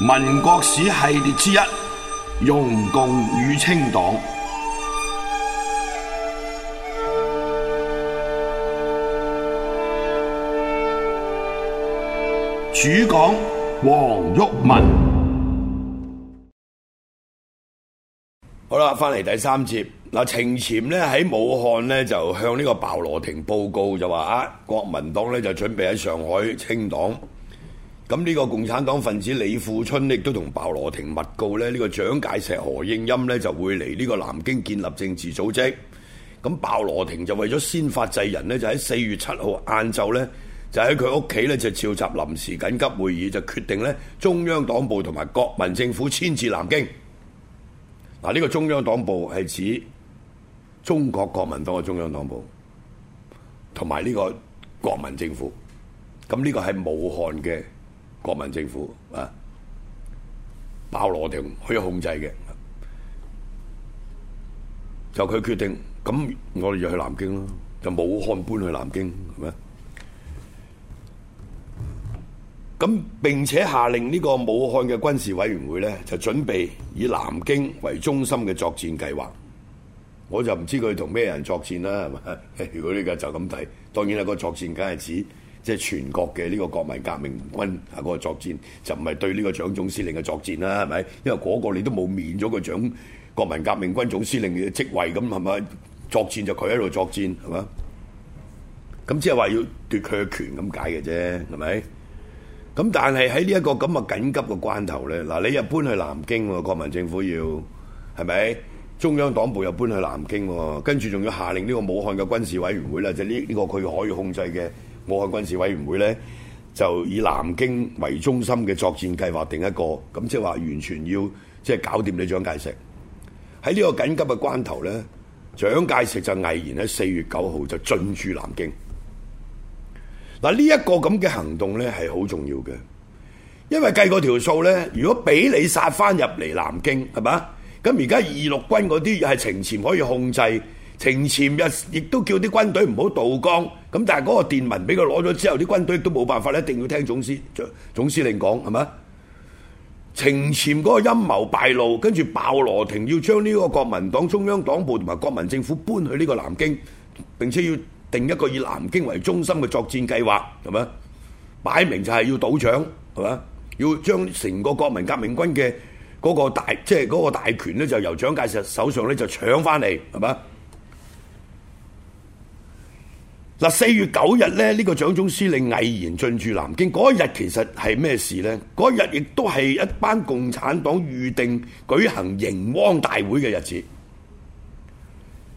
民國史系列之一，容共與清黨，主講黃毓民。好啦，翻嚟第三節。嗱、呃，程潛咧喺武漢咧就向呢個鮑羅廷報告，就話啊，國民黨咧就準備喺上海清黨。咁呢個共產黨分子李富春亦都同鮑羅廷密告呢，呢個蔣介石、何應欽呢就會嚟呢個南京建立政治組織。咁鮑羅廷就為咗先發制人呢，就喺四月七號晏晝呢，就喺佢屋企呢，就召集臨時緊急會議，就決定呢中央黨部同埋國民政府遷至南京。嗱，呢個中央黨部係指中國國民黨嘅中央黨部，同埋呢個國民政府。咁呢個係武漢嘅。國民政府啊，包羅廷可以控制嘅，就佢決定咁，我哋就去南京咯，就武漢搬去南京，係咪？咁並且下令呢個武漢嘅軍事委員會咧，就準備以南京為中心嘅作戰計劃。我就唔知佢同咩人作戰啦，係嘛？如果呢個就咁睇，當然係個作戰，梗係指。即係全國嘅呢個國民革命軍啊，個作戰就唔係對呢個蔣總司令嘅作戰啦，係咪？因為嗰個你都冇免咗個蔣國民革命軍總司令嘅職位咁，係咪？作戰就佢喺度作戰係嘛？咁即係話要奪佢嘅權咁解嘅啫，係咪？咁但係喺呢一個咁嘅緊急嘅關頭咧，嗱，你又搬去南京喎，國民政府要係咪？中央黨部又搬去南京，跟住仲要下令呢個武漢嘅軍事委員會啦，就呢、是、呢個佢可以控制嘅。我漢軍事委員會咧，就以南京為中心嘅作戰計劃定一個，咁即係話完全要即係搞掂你蔣介石。喺呢個緊急嘅關頭咧，蔣介石就毅然喺四月九號就進駐南京。嗱、啊，呢、這、一個咁嘅行動咧係好重要嘅，因為計過條數咧，如果俾你殺翻入嚟南京，係嘛？咁而家二六軍嗰啲係情前可以控制。程潛日亦都叫啲軍隊唔好渡江，咁但係嗰個電文俾佢攞咗之後，啲軍隊都冇辦法咧，一定要聽總司總司令講係咪？程潛嗰個陰謀敗露，跟住鮑羅廷要將呢個國民黨中央黨部同埋國民政府搬去呢個南京，並且要定一個以南京為中心嘅作戰計劃，係咪？擺明就係要倒蔣，係咪？要將成個國民革命軍嘅嗰個大即係嗰個大權咧，就由蔣介石手上咧就搶翻嚟，係咪？嗱，四月九日咧，呢、這個蔣總司令毅然進駐南京嗰一日，那天其實係咩事呢？嗰日亦都係一班共產黨預定舉行迎汪大會嘅日子，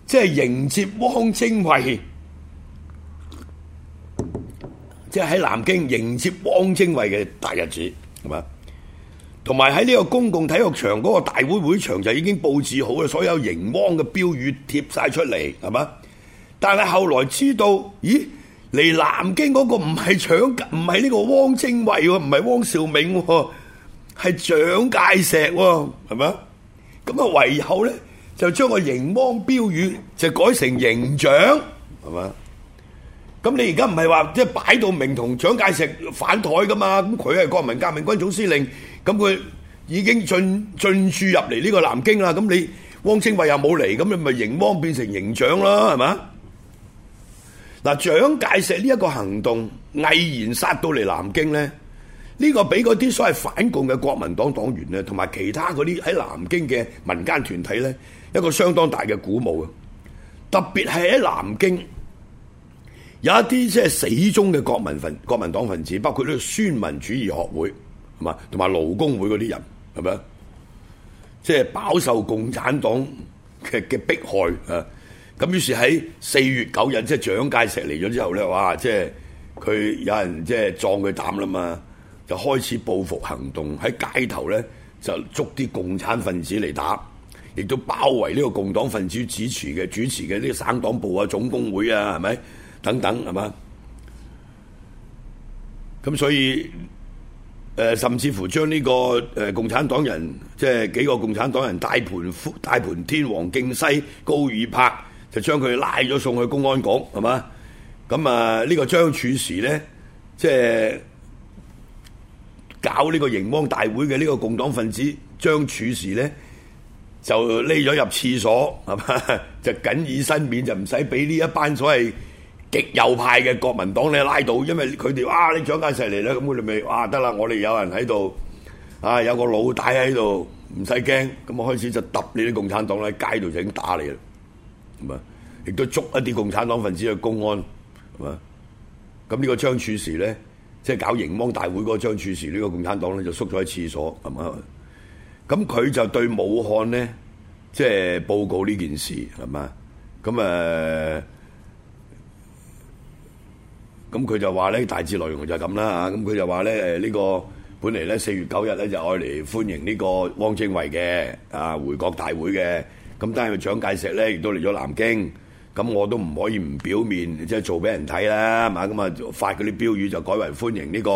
即係迎接汪精衛，即係喺南京迎接汪精衛嘅大日子，係嘛？同埋喺呢個公共體育場嗰、那個大會會場就已經佈置好啦，所有迎汪嘅標語貼晒出嚟，係嘛？但係後來知道，咦？嚟南京嗰個唔係蔣，唔係呢個汪精衛喎，唔係汪兆銘喎，係蔣介石喎，係嘛？咁啊，隨後咧就將個迎汪標語就改成迎蔣，係嘛？咁你而家唔係話即係擺到明同蔣介石反台噶嘛？咁佢係國民革命軍總司令，咁佢已經進進駐入嚟呢個南京啦。咁你汪精衛又冇嚟，咁你咪迎汪變成迎蔣啦，係嘛？嗱，蔣介石呢一個行動毅然殺到嚟南京咧，呢個俾嗰啲所謂反共嘅國民黨黨員咧，同埋其他嗰啲喺南京嘅民間團體咧，一個相當大嘅鼓舞啊！特別係喺南京有一啲即係死忠嘅國民份、國民黨分子，包括呢個孫文主義學會，同埋同埋勞工會嗰啲人，係咪啊？即係飽受共產黨嘅嘅迫害啊！咁於是喺四月九日即係蔣介石嚟咗之後咧，哇！即係佢有人即係撞佢膽啦嘛，就開始報復行動喺街頭咧就捉啲共產分子嚟打，亦都包圍呢個共黨分子支持嘅主持嘅主持嘅呢個省黨部啊、總工會啊，係咪等等係嘛？咁所以誒、呃，甚至乎將呢、這個誒、呃、共產黨人即係幾個共產黨人大盤大盤天王敬西高爾柏。就將佢拉咗送去公安局，係嘛？咁啊，呢個張柱時咧，即係搞呢個迎汪大會嘅呢個共黨分子張柱時咧，就匿咗入廁所，係嘛？就僅以身免，就唔使俾呢一班所謂極右派嘅國民黨咧拉到，因為佢哋啊你蔣介石嚟啦，咁我哋咪啊，得啦，我哋有人喺度，啊有個老大喺度，唔使驚，咁我開始就揼你啲共產黨啦，喺街度就已經打你啦。亦都捉一啲共產黨分子去公安，係嘛？咁呢個張處時咧，即係搞迎汪大會嗰個張處時呢個共產黨咧就縮咗喺廁所，係嘛？咁佢就對武漢呢，即係報告呢件事，係嘛？咁誒，咁佢就話咧，大致內容就係咁啦吓。咁佢就話咧，呢個本嚟咧四月九日咧就愛嚟歡迎呢個汪精衛嘅啊回國大會嘅。咁但係蔣介石咧，亦都嚟咗南京，咁我都唔可以唔表面，即係做俾人睇啦，係嘛？咁啊，發嗰啲標語就改為歡迎呢個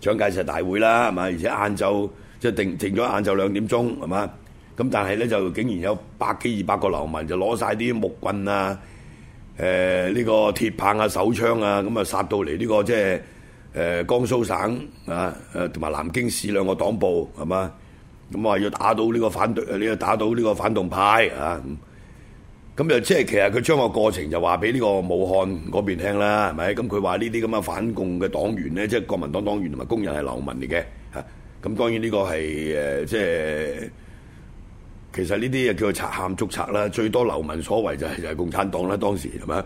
蔣介石大會啦，係嘛？而且晏晝即係定定咗晏晝兩點鐘，係嘛？咁但係咧，就竟然有百幾二百個流民就攞晒啲木棍啊、誒呢個鐵棒啊、手槍啊，咁啊殺到嚟呢個即係誒江蘇省啊、誒同埋南京市兩個黨部，係嘛？咁我話要打到呢個反對，你要打到呢個反動派啊！咁又即係其實佢將個過程就話俾呢個武漢嗰邊聽啦，係咪？咁佢話呢啲咁嘅反共嘅黨員咧，即係國民黨黨員同埋工人係流民嚟嘅嚇。咁當然呢個係，即係其實呢啲又叫做賊喊捉賊啦。最多流民所謂就係就係共產黨啦，當時係咪？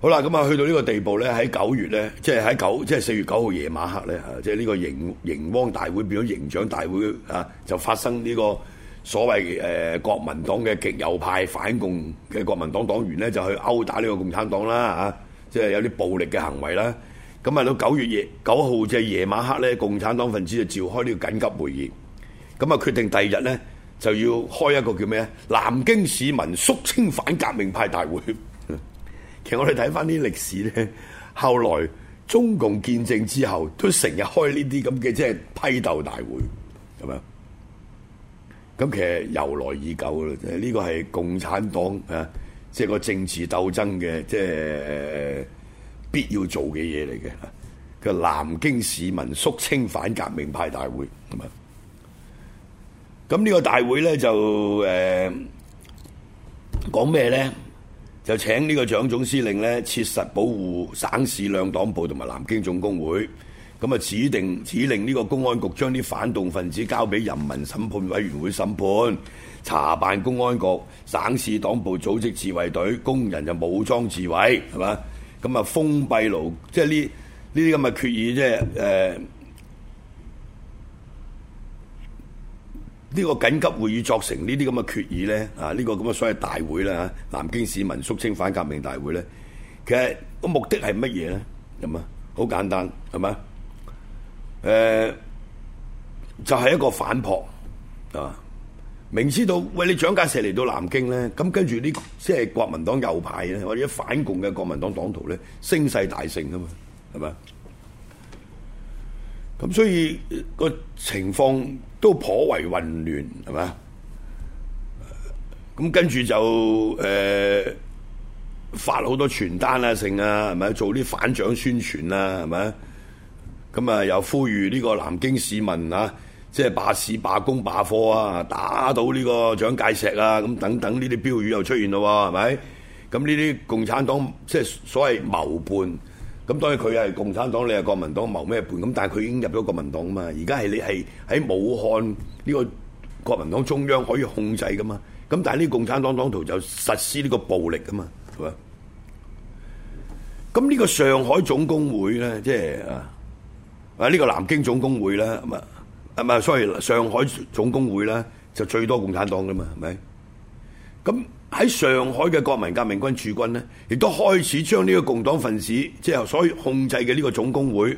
好啦，咁啊，去到呢個地步咧，喺九月咧，即係喺九，即係四月九號夜晚黑咧嚇，即係呢個營營汪大會變咗營長大會啊，就發生呢個所謂誒、呃、國民黨嘅極右派反共嘅國民黨黨員咧，就去毆打呢個共產黨啦嚇，即係有啲暴力嘅行為啦。咁啊，到九月夜九號即係夜晚黑咧，共產黨分子就召開呢個緊急會議，咁啊決定第二日咧就要開一個叫咩啊？南京市民肅清反革命派大會。其實我哋睇翻啲歷史咧，後來中共建政之後，都成日開呢啲咁嘅即係批鬥大會，咁樣。咁其實由來已久嘅啦，呢個係共產黨啊，即係個政治鬥爭嘅即係必要做嘅嘢嚟嘅。個、啊、南京市民肅清反革命派大會，咁樣，咁呢個大會咧就誒講咩咧？呃就請呢個蔣總司令呢，切實保護省市兩黨部同埋南京總工會。咁啊，指定指令呢個公安局將啲反動分子交俾人民審判委員會審判。查辦公安局、省市黨部組織自衛隊，工人就武裝自衛，係嘛？咁啊，封閉牢，即係呢呢啲咁嘅決議，即係誒。呃呢個緊急會議作成呢啲咁嘅決議咧，啊、這、呢個咁嘅所謂大會啦嚇，南京市民肅清反革命大會咧，其實個目的係乜嘢咧？咁啊，好簡單係嘛？誒、呃，就係、是、一個反撲係嘛？明知道喂你蔣介石嚟到南京咧，咁跟住呢，即係國民黨右派咧，或者反共嘅國民黨黨徒咧，聲勢大盛啊嘛，係嘛？咁所以、那個情況都頗為混亂，係咪？咁跟住就誒、呃、發好多傳單啊，剩啊，係咪？做啲反蔣宣傳啊，係咪？咁啊，又呼籲呢個南京市民啊，即係罷市罷工罷貨啊，打倒呢個蔣介石啊，咁等等呢啲標語又出現咯喎、啊，係咪？咁呢啲共產黨即係所謂謀叛。咁當然佢係共產黨，你係國民黨謀咩盤？咁但係佢已經入咗國民黨啊嘛！而家係你係喺武漢呢個國民黨中央可以控制噶嘛？咁但係呢個共產黨黨徒就實施呢個暴力噶嘛？係嘛？咁呢個上海總工會咧，即係啊啊呢個南京總工會啦，唔係唔係，sorry，上海總工會啦，就最多共產黨噶嘛，係咪？咁。喺上海嘅國民革命軍駐軍呢，亦都開始將呢個共黨分子，即係所以控制嘅呢個總工會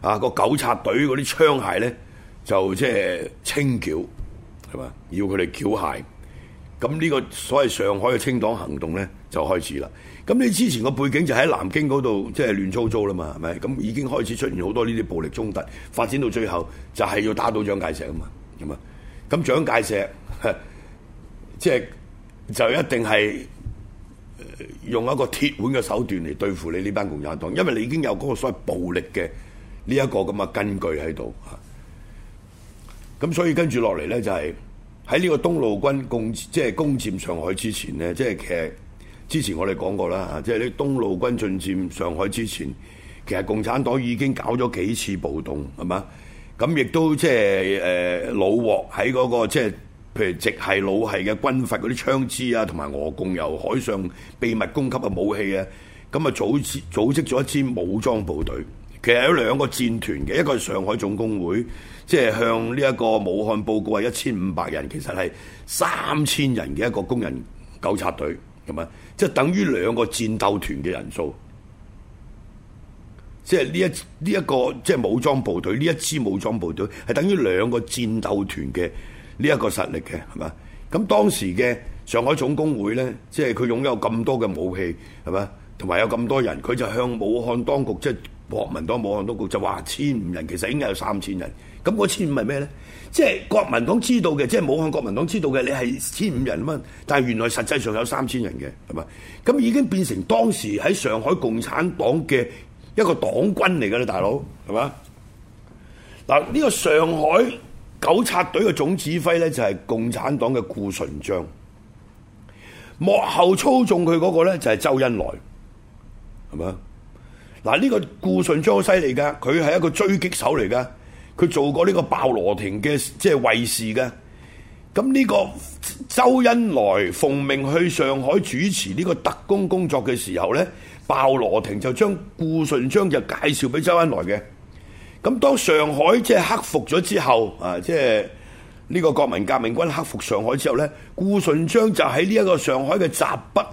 啊，個糾察隊嗰啲槍械呢，就即係清繳，係嘛？要佢哋繳械。咁呢個所謂上海嘅清黨行動呢，就開始啦。咁你之前個背景就喺南京嗰度，即係亂糟糟啦嘛，係咪？咁已經開始出現好多呢啲暴力衝突，發展到最後就係要打倒蔣介石啊嘛，係嘛？咁蔣介石即係。就一定係用一個鐵腕嘅手段嚟對付你呢班共產黨，因為你已經有嗰個所謂暴力嘅呢一個咁嘅根據喺度嚇。咁所以跟住落嚟呢，就係喺呢個東路軍共即係攻佔上海之前呢，即係其實之前我哋講過啦，即係呢東路軍進佔上海之前，其實共產黨已經搞咗幾次暴動係嘛？咁亦都即係誒老獲喺嗰個即係。就係譬如直系老系嘅軍閥嗰啲槍支啊，同埋俄共由海上秘密供給嘅武器啊，咁啊組組織咗一支武裝部隊，其實有兩個戰團嘅，一個係上海總工會，即係向呢一個武漢報告係一千五百人，其實係三千人嘅一個工人糾察隊，係咪？即係等於兩個戰鬥團嘅人數，即係呢一呢一個即係武裝部隊，呢一支武裝部隊係等於兩個戰鬥團嘅。呢一個實力嘅係嘛？咁當時嘅上海總工會呢，即係佢擁有咁多嘅武器係嘛，同埋有咁多人，佢就向武漢當局，即係國民黨武漢當局就話千五人，其實應該有三千人。咁嗰千五係咩呢？即係國民黨知道嘅，即係武漢國民黨知道嘅，你係千五人啊嘛。但係原來實際上有三千人嘅係嘛？咁已經變成當時喺上海共產黨嘅一個黨軍嚟㗎啦，大佬係嘛？嗱呢個上海。九察隊嘅總指揮呢，就係共產黨嘅顧順章，幕後操縱佢嗰個呢，就係周恩來，係咪？嗱，呢個顧順章好犀利噶，佢係一個追擊手嚟噶，佢做過呢個鮑羅廷嘅即係衛士嘅。咁呢個周恩來奉命去上海主持呢個特工工作嘅時候呢，鮑羅廷就將顧順章就介紹俾周恩來嘅。咁當上海即係克服咗之後，啊，即係呢個國民革命軍克服上海之後呢顧順章就喺呢一個上海嘅閘北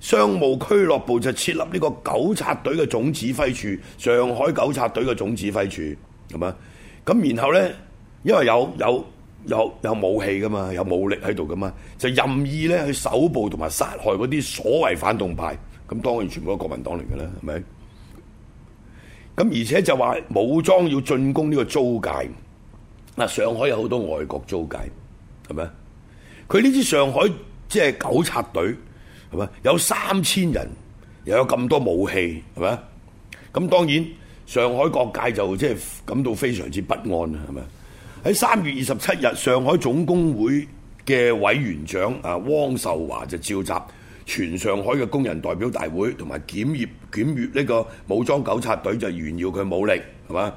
商務俱樂部就設立呢個糾察隊嘅總指揮處，上海糾察隊嘅總指揮處，係嘛？咁然後呢，因為有有有有武器噶嘛，有武力喺度噶嘛，就任意呢去搜捕同埋殺害嗰啲所謂反動派，咁當然全部都國民黨嚟㗎啦，係咪？咁而且就話武裝要進攻呢個租界，嗱，上海有好多外國租界，係咪？佢呢支上海即係糾察隊，係咪有三千人又有咁多武器，係咪？咁當然上海各界就即係感到非常之不安，係咪？喺三月二十七日，上海總工會嘅委員長啊，汪壽華就召集全上海嘅工人代表大會同埋檢驗檢閲呢個武裝糾察隊，就炫耀佢武力，係嘛？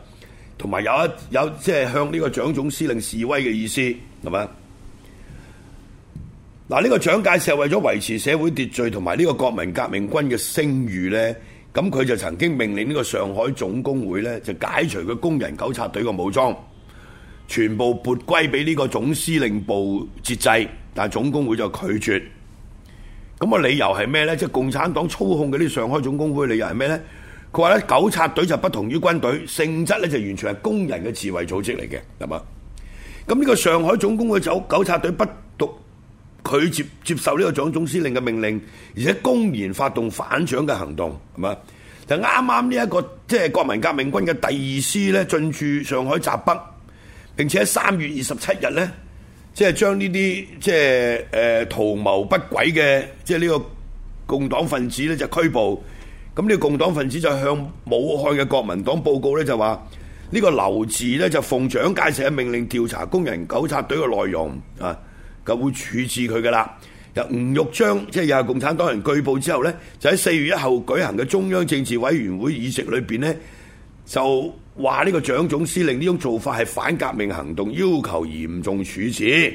同埋有一有即係、就是、向呢個蔣總司令示威嘅意思，係嘛？嗱，呢個蔣介石為咗維持社會秩序同埋呢個國民革命軍嘅聲譽呢，咁佢就曾經命令呢個上海總工會呢就解除佢工人糾察隊嘅武裝，全部撥歸俾呢個總司令部節制，但係總工會就拒絕。咁個理由係咩呢？即係共產黨操控嘅啲上海總工會，理由係咩呢？佢話咧，糾察隊就不同於軍隊，性質咧就完全係工人嘅自衛組織嚟嘅，係嘛？咁呢個上海總工會走糾察隊不獨，佢接接受呢個蔣總司令嘅命令，而且公然發動反蔣嘅行動，係嘛？就啱啱呢一個即係、就是、國民革命軍嘅第二師咧進駐上海閘北，並且三月二十七日呢。即係將呢啲即係誒圖謀不軌嘅，即係呢個共黨分子咧就拘捕。咁呢個共黨分子就向武漢嘅國民黨報告咧，就話、這個、呢個劉志咧就奉蔣介石命令調查工人糾察隊嘅內容啊，就會處置佢噶啦。由吳玉章即係又係共產黨人據報之後咧，就喺四月一號舉行嘅中央政治委員會議席裏邊咧就。話呢個蔣總司令呢種做法係反革命行動，要求嚴重處置。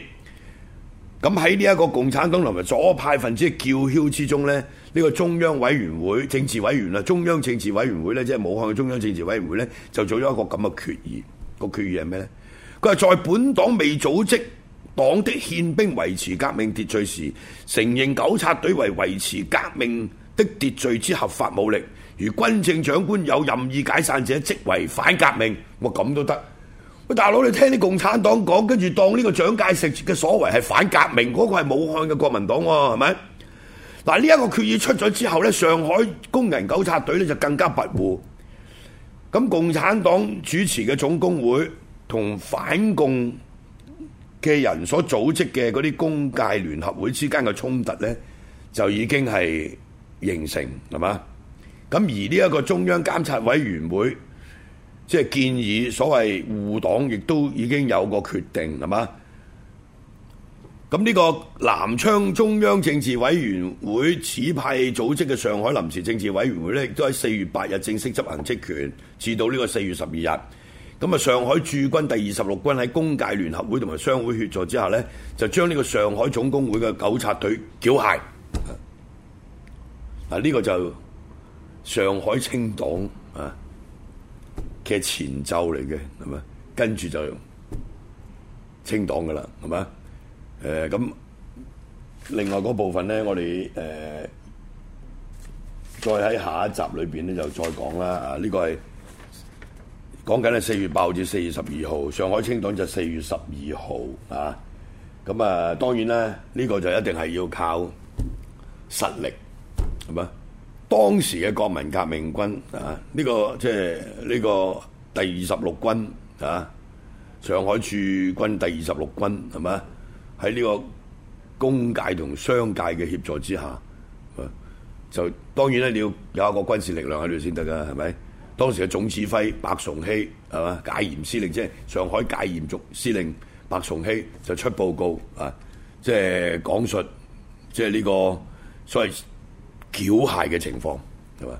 咁喺呢一個共產黨同埋左派分子嘅叫囂之中呢呢、呢個中央委員會、政治委員啊，中央政治委員會呢即係武漢嘅中央政治委員會呢就做咗一個咁嘅決議。個決議係咩呢？佢係在本黨未組織黨的憲兵維持革命秩序時，承認糾察隊為維持革命的秩序之合法武力。如軍政長官有任意解散者，即為反革命。我咁都得喂，大佬你聽啲共產黨講，跟住當呢個蔣介石嘅所謂係反革命，嗰、嗰個係武漢嘅國民黨喎，係咪？嗱呢一個決議出咗之後呢，上海工人糾察隊呢就更加跋扈。咁共產黨主持嘅總工會同反共嘅人所組織嘅嗰啲工界聯合會之間嘅衝突呢，就已經係形成係嘛？是咁而呢一個中央監察委員會，即係建議所謂護黨，亦都已經有個決定，係嘛？咁呢個南昌中央政治委員會指派組織嘅上海臨時政治委員會呢，亦都喺四月八日正式執行職權，至到呢個四月十二日。咁啊，上海駐軍第二十六軍喺工界聯合會同埋商會協助之下呢，就將呢個上海總工會嘅糾察隊繳械。嗱呢個就。上海清黨啊，嘅前奏嚟嘅，係咪？跟住就清黨噶啦，係咪？誒、呃、咁，另外嗰部分咧，我哋誒、呃、再喺下一集裏邊咧就再講啦。啊，呢、這個係講緊係四月八號至四月十二號，上海清黨就四月十二號啊。咁啊，當然咧，呢、這個就一定係要靠實力，係咪？當時嘅國民革命軍啊，呢、這個即係呢個第二十六軍啊，上海駐軍第二十六軍係咪？喺呢個工界同商界嘅協助之下，就當然咧，你要有一個軍事力量喺度先得噶，係咪？當時嘅總指揮白崇禧係嘛？戒嚴司令即係、就是、上海戒嚴總司令白崇禧就出報告啊，即係、就是、講述即係呢個所謂繳械嘅情況，係嘛？